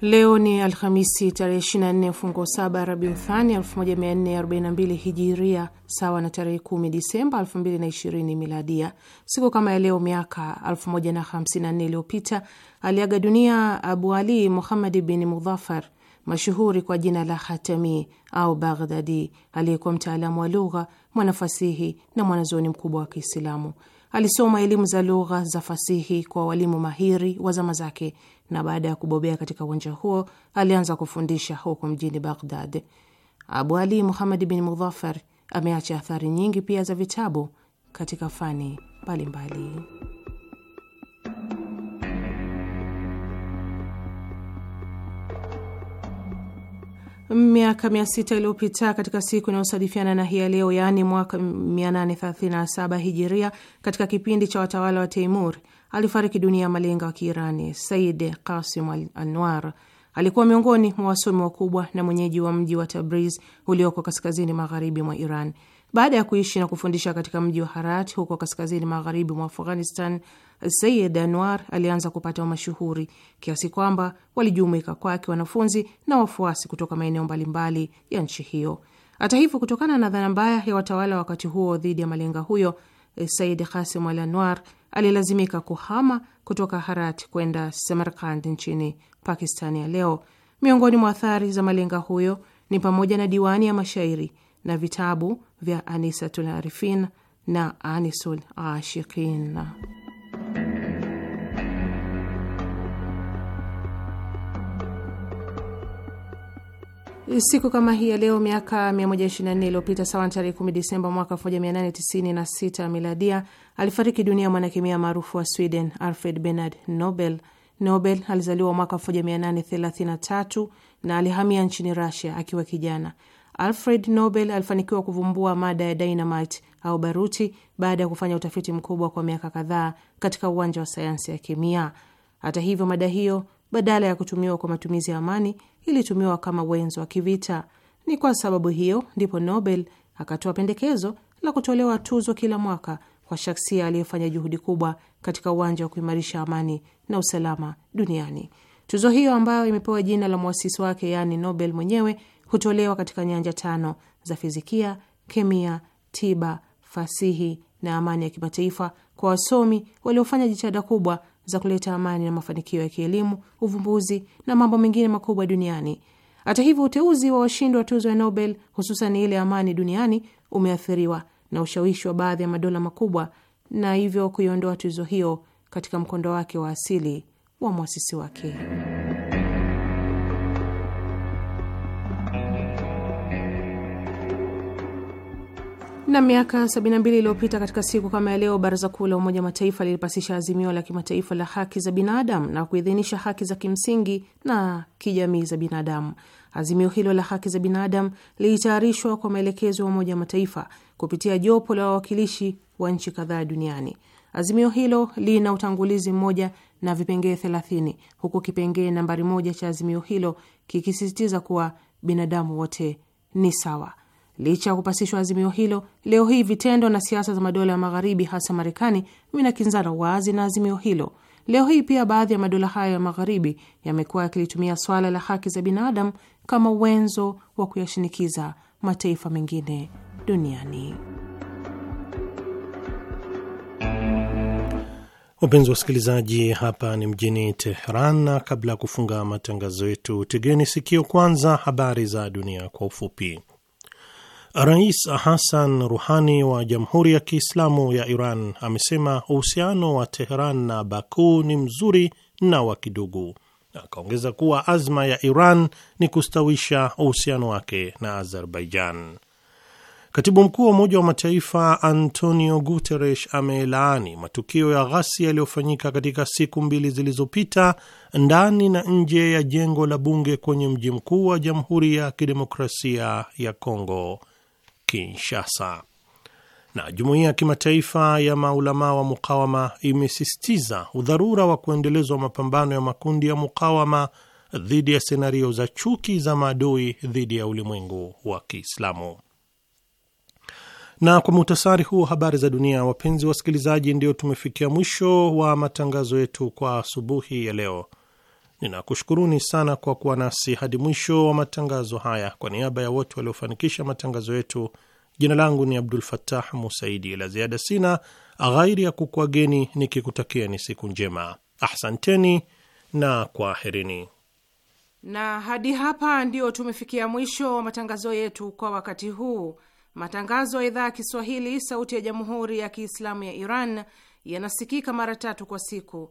Leo ni Alhamisi tarehe 24 mfungo saba Rabiuthani 1442 hijiria sawa na tarehe 10 Disemba 2020 miladia. Siku kama ya leo miaka 1054 iliyopita aliaga dunia Abu Ali Muhammad bin Mudhafar mashuhuri kwa jina la Hatami au Baghdadi, aliyekuwa mtaalamu wa lugha, mwanafasihi na mwanazuoni mkubwa wa Kiislamu. Alisoma elimu za lugha za fasihi kwa walimu mahiri wa zama zake, na baada ya kubobea katika uwanja huo alianza kufundisha huko mjini Baghdad. Abu Ali Muhammad bin Mudhafar ameacha athari nyingi pia za vitabu katika fani mbalimbali. miaka mia sita iliyopita katika siku inayosadifiana na hii ya leo, yaani mwaka 837 hijiria, katika kipindi cha watawala wa Teimur alifariki dunia ya malenga wa Kiirani Said Kasim al Anwar. Alikuwa miongoni mwa wasomi wakubwa na mwenyeji wa mji wa Tabriz ulioko kaskazini magharibi mwa Iran. Baada ya kuishi na kufundisha katika mji wa Harat huko kaskazini magharibi mwa Afghanistan, Sayid Anwar alianza kupata mashuhuri kiasi kwamba walijumuika kwake wanafunzi na wafuasi kutoka maeneo mbalimbali ya nchi hiyo. Hata hivyo, kutokana na dhana mbaya ya watawala wakati huo dhidi ya malenga huyo, Sayid Hasim Al Anwar alilazimika kuhama kutoka Harat kwenda Samarkand nchini Pakistani ya leo. Miongoni mwa athari za malenga huyo ni pamoja na diwani ya mashairi na vitabu vya Anisatul Arifin na Anisul Ashikin. Siku kama hii ya leo miaka 124 iliyopita, sawa na tarehe 10 Disemba mwaka 1896 miladia, alifariki dunia mwanakemia maarufu wa Sweden Alfred Bernard Nobel. Nobel alizaliwa mwaka 1833 na alihamia nchini Russia akiwa kijana. Alfred Nobel alifanikiwa kuvumbua mada ya dynamite au baruti baada ya kufanya utafiti mkubwa kwa miaka kadhaa katika uwanja wa sayansi ya kemia. Hata hivyo, mada hiyo badala ya kutumiwa kwa matumizi ya amani ilitumiwa kama wenzo wa kivita. Ni kwa sababu hiyo ndipo Nobel akatoa pendekezo la kutolewa tuzo kila mwaka kwa shaksia aliyefanya juhudi kubwa katika uwanja wa kuimarisha amani na usalama duniani. Tuzo hiyo ambayo imepewa jina la mwasisi wake, yaani Nobel mwenyewe, hutolewa katika nyanja tano za fizikia, kemia, tiba, fasihi na amani ya kimataifa kwa wasomi waliofanya jitihada kubwa za kuleta amani na mafanikio ya kielimu, uvumbuzi na mambo mengine makubwa duniani. Hata hivyo, uteuzi wa washindi wa tuzo ya Nobel, hususan ile amani duniani, umeathiriwa na ushawishi wa baadhi ya madola makubwa na hivyo kuiondoa tuzo hiyo katika mkondo wake wa asili wa mwasisi wake. Na miaka 72 iliyopita katika siku kama ya leo, baraza kuu la Umoja Mataifa lilipasisha azimio la kimataifa la haki za binadamu na kuidhinisha haki za kimsingi na kijamii za binadamu. Azimio hilo la haki za binadamu lilitayarishwa kwa maelekezo ya Umoja Mataifa kupitia jopo la wawakilishi wa nchi kadhaa duniani. Azimio hilo lina utangulizi mmoja na vipengee thelathini huku kipengee nambari moja cha azimio hilo kikisisitiza kuwa binadamu wote ni sawa. Licha ya kupasishwa azimio hilo, leo hii vitendo na siasa za madola ya Magharibi, hasa Marekani, vinakinzana wazi na azimio hilo. Leo hii pia baadhi ya madola hayo ya Magharibi yamekuwa yakilitumia swala la haki za binadamu kama wenzo wa kuyashinikiza mataifa mengine duniani. Wapenzi wasikilizaji, hapa ni mjini Teheran, na kabla ya kufunga matangazo yetu, tegeni sikio kwanza habari za dunia kwa ufupi. Rais Hassan Ruhani wa Jamhuri ya Kiislamu ya Iran amesema uhusiano wa Teheran na Baku ni mzuri na wa kidugu, akaongeza kuwa azma ya Iran ni kustawisha uhusiano wake na Azerbaijan. Katibu mkuu wa Umoja wa Mataifa Antonio Guterres amelaani matukio ya ghasia yaliyofanyika katika siku mbili zilizopita ndani na nje ya jengo la bunge kwenye mji mkuu wa Jamhuri ya Kidemokrasia ya Kongo. Kinshasa. Na jumuiya ya kimataifa ya maulamaa wa mukawama imesisitiza udharura wa kuendelezwa mapambano ya makundi ya mukawama dhidi ya senario za chuki za maadui dhidi ya ulimwengu wa Kiislamu. Na kwa muhtasari huu habari za dunia. Wapenzi wasikilizaji, ndio tumefikia mwisho wa matangazo yetu kwa asubuhi ya leo. Ninakushukuruni sana kwa kuwa nasi hadi mwisho wa matangazo haya. Kwa niaba ya wote waliofanikisha matangazo yetu, jina langu ni Abdul fatah Musaidi. La ziada sina ghairi ya kukuageni nikikutakieni siku njema. Ahsanteni na kwaherini. Na hadi hapa ndio tumefikia mwisho wa matangazo yetu kwa wakati huu. Matangazo ya idhaa ya Kiswahili, Sauti ya Jamhuri ya Kiislamu ya Iran yanasikika mara tatu kwa siku